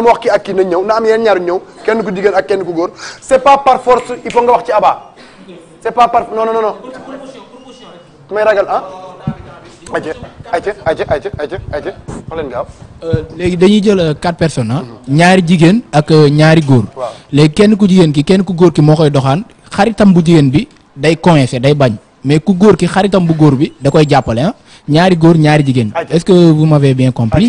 du ma wax kii ak kii nañ ñëw na am yeneen ñaar ñëw kenn ku jigéen ak kenn ku góor c'est pas par force il faut nga wax ci Abba c'est pas par non non non non may ragal ah. ayca ayca euh, léegi dañuy jël euh, quatre personnes ah. ñaari jigéen ak euh, ñaari góor. waaw léegi kenn ku jigéen ki kenn ku góor ki moo koy doxaan xaritam bu jigéen bi day coincé day bañ mais ku góor ki xaritam bu góor bi da koy jàppale ah ñaari góor ñaari jigéen. est-ce que vous m'avez bien compris.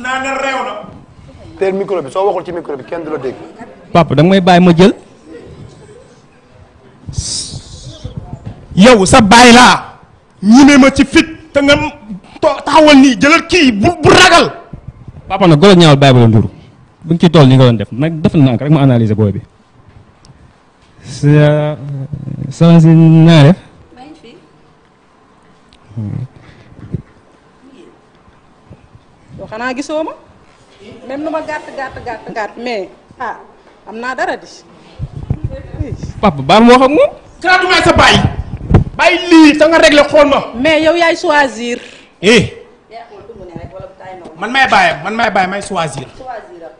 naa teel micro bi soo waxul ci micro bi kenn du la dégg. papa da may bàyyi ma jël. yow sa bàyyi laa. ñime ma ci fit te nga taxawal nii jëlal kii bu bu ragal. papa nag golo ñaawal bàyyi ba la nduru bu ñu ci tool ni nga def nag def na rek ma analyser booy bi. sa sa si naa def. xanaa gisoo ma même lu ma gàtt gàtt gàtt gàtt mais ah am naa dara di. papa baal ma wax ak moom. garaatu maay sa bàyyi. bàyyi lii te nga xool ma. mais yow yaay choisir. Eh. man may bàyyam man may bàyyi may choisir.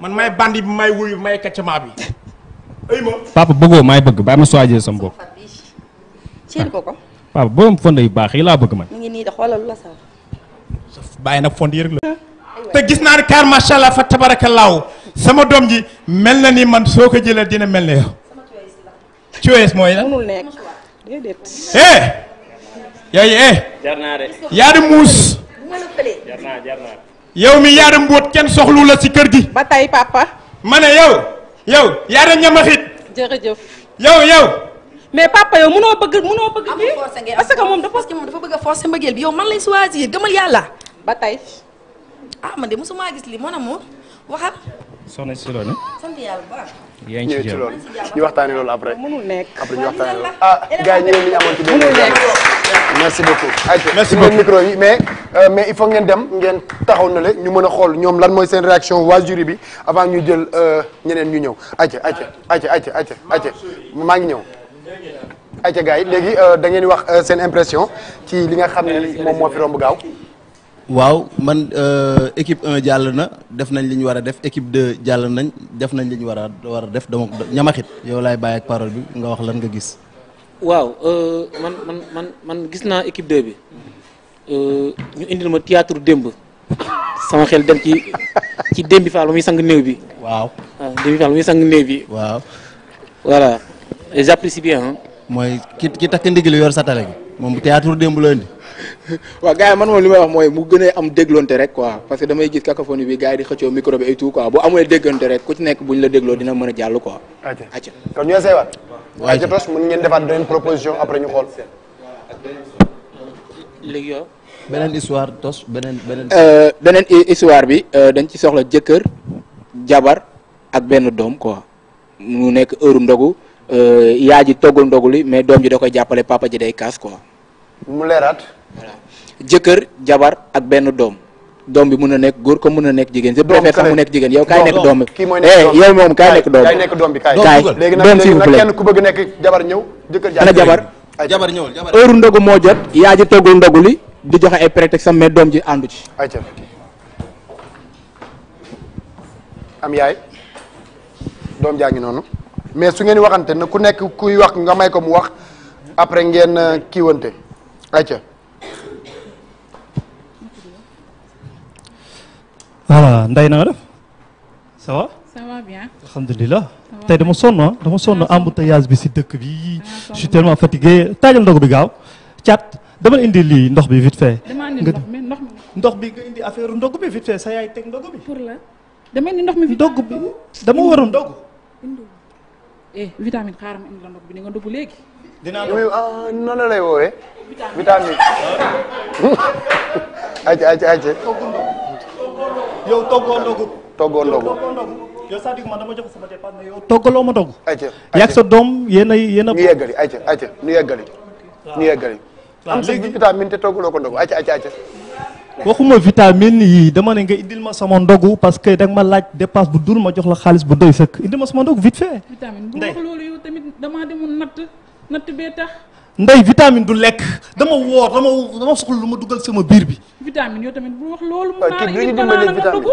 man may bandi bi may wuyu may ay ma. papa bëggoo maay bëgg bàyyi ma choisir sama bopp. ceeb ko ko. papa borom fond yu baax yi laa bëgg man. mu ngi nii de xoolal nag fond yi rek la. te gis naa ne kaar macha allah fa tabarakallaahu sama doom ji mel na ni man soo ko jëlee dina mel ne yow. cuwees mooy la munul nekk déedéet. Eh! Eh! yaa di muus. jar mi yaa di mbóot kenn soxlu la si kër gi. ba tey papa. ma ne yow. yow yaa di ñamaxit. jërëjëf. yow yow. mais papa yow munoo bëgg munoo bëgg. amul parce que moom dafa bëgg a forcer mbëggeel bi yow man lay choisir gëmal yàlla. ba tey. ah man de mosuma gis li mon amour waxal. soxna si loolu. sant yàlla bu baax. yaa ngi ci jàmm loolu ñu waxtaanee loolu après. mënul nekk après ñu waxtaanee loolu. ah gars yi ñu ne li ñu amoon ci benn merci beaucoup. ayca merci beaucoup micro yi mais euh, mais il faut ngeen dem ngeen taxaw na le ñu mën a xool ñoom lan mooy seen réaction waa jury bi avant ñu jël euh, ñeneen ñu ñëw ayca ayca ayca ayca ayca ayca maa ngi ñëw. ayca gars yi léegi euh, da ngeen di wax seen impression ci li nga xam ne moom moo fi romb gaaw. waaw man euh, équipe 1 jàll na def nañ li ñu war a def équipe 2 jàll nañ def nañ li ñu war a def dama ñamaxit yow laay bàyyi ak parole bi nga wax lan nga gis. waaw euh, man gis naa équipe 2 bi euh, ñu indil ma théâtre demb sama xel dem ci ci démbi faal ba muy sang néew bi. waaw waaw ah, démbi faal ba muy sang néew bi. waaw. voilà j'apprécie bien. mooy ki ki takk ndigli yor satale moom théâtre demb la indi. waa gars yi man moom li may wax mooy mu gën am déglonte rek quoi parce que dama gis cacophonie bi gars yi di xëccoo micro bi et tout quoi bu amulee déglonte rek ku ci nekk buñ la dégloo dina mën a jàll quoi. acca kon ñu essayé waat. waaw acca tos mën ngeen defaat beneen proposition après ñu xool. beneen histoire tos beneen beneen. Euh, bi euh, dañ ci soxla jëkkër jabar ak benn doom quoi mu nekk heure ndogu euh, yaa ji toggul ndogu li mais doom ji da koy jàppale papa ji day kaas quoi. voilà jëkkër jabar ak benn doom doom bi mun na nekk góor ko mun na nekk jigéen je préfère sax mu nekk jigéen yow kaay nekk eh, doom bi yow moom nekk doom bi kaay nekk doom bi kaay léegi nag kenn jëkkër jabar jabar jabar ñëwul jabar heure ndogu moo jot yaa ji toggul ndogu li di joxe ay prétexte am mais ji àndu ci am yaay doom jaa ngi noonu mais su ngeen waxante na ku nekk kuy wax nga may ko mu wax après ngeen euh, kiiwante ayca voilà Ndeye na nga def ça va. ça va bien. dama sonn ah dama sonn embouteillage bi si dëkk bi. je suis tellement taajal ndox bi gaaw. caat dama indi lii ndox bi vite fait. nga ndox bi a ndog. eh vitamine ma indi la ndog bi ni nga dugg léegi. dinaa noonu ah, la lay woowee. vitamine. ayca ayca ayca. yow toggoo ndogu. toggoo ndogu yow toggoo ndogu. yow Sadio man dama jox sama dépense mais yow toggaloo ma togg. ayca ayca yàgg sa doom yéen a yéen a. ñu yeggali ayca ayca ñu yeggali. waaw ñu yeggali. am léegi vitamine te toggaloo ko ndogu ayca ayca ayca. waxuma vitamine yi dama ne nga indil ma sama ndogu parce que danga ma laaj dépense bu dul ma jox la xaalis bu doy sëkk indil ma sama ndogu vite fait. vitamine bu wax loolu yow tamit damaa demoon natt natt bee tax. ndey vitamine du lekk dama woor dama dama soxla lu ma dugal sama biir bi. vitamine yow tamit bu wax loolu. mu naan indi banaan nga dugg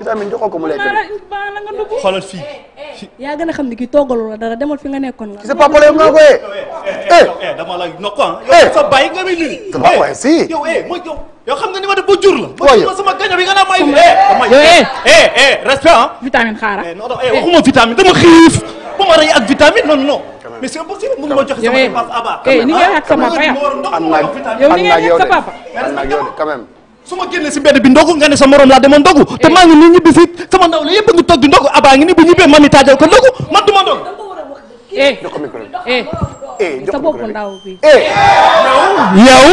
vitamine joxoo ko mu lekk banaan nga dugg. xoolal fii. yaa gën a xam ne kii toggaloo la dara demal fi nga nekkoon nga. ci sa papa la yow nga koy. eh, eh. eh dama la nokk ah. yow eh. sa bàyyi nga mi nii. dama koy si. yow eh mooy yow. yow xam nga ni ma def ba jur la. waaye ma sama gaño bi nga naan may. yow eh eh eh respect ah. vitamine xaaral. non non waxuma vitamine dama xiif. ba ma rey ak vitamine non non. mais c'est impossible mun ma joxe sama dépense eh, Aba. Eh, ni nga ak ah, sama papa yow ni nga ak sa papa. quand même. su ma génne si mbedd bi ndogu nga ne sa morom laa demoon ndogu te eh. maa ngi nii ñibbi si sama ndaw la yëpp a ngi toog di ndogu Aba ngi ni bu ñibbee mami taajal ko ndogu man du ma ndogu. jox ko micro bi sa bopp ndaw bi. yow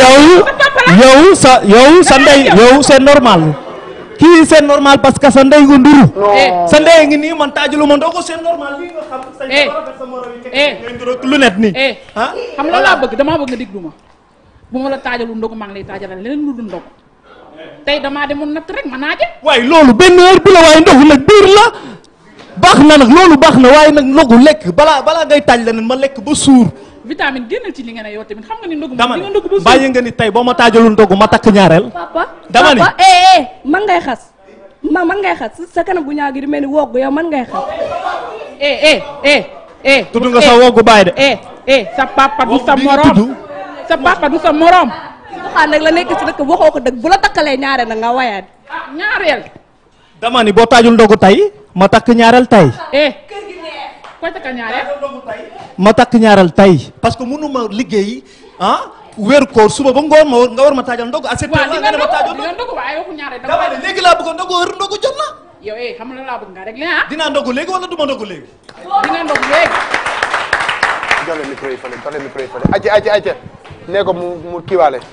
yow yow sa yow sa ndey yow c'est normal. kii seen normal parce que sa ndey nga nduru eh, sa ndey ngi nii man taajulu ma ndoo seen c'est normal lii nga eh. eh. lu net nii ah xam la laa bëgg dama bëgg nga diglu ma bu ma la taajalu ndogu maa ngi lay taajal leneen lu dul ndogu tey damaa demoon natt rek ma naaje waaye loolu benn heure bi la waaye ndogu nag la baax na nag loolu baax na waaye nag ndogu lekk balaa balaa ngay taaj leneen ma lekk ba suur vitamine génnal ci li nga ne yow tamit xam nga ni ndogu dama ne bàyyi nga ni tey boo ma taajalul ndogu ma takk ñaareel dama ni eh, eh, eh, man ngay xas ma man ngay xas sa kanam gu ñaaw gi di mel ni woggu man ngay xas eh sa woggu bàyyi de eh sa papa du sa morom sa papa du sa morom doxaan nag nekk dëkk waxoo ko dëgg bu la takkalee ñaareel na nga wayaat ah, ñaareel dama ni boo taajul ndogu tay ma takk ñaareel tey ma takk ñaareel tay parce que mënu ma liggéey ah wér koor suba ba ngoon ma war nga war ma taajal ndogu. accepté la nga ne ma taajal ndogu dama ne laa bëgg a ndogu heure ndogu jot na. yow eh ah. dinaa ndogu léegi wala du ma ndogu léegi. dinaa ndogu léegi. nee ko mu mu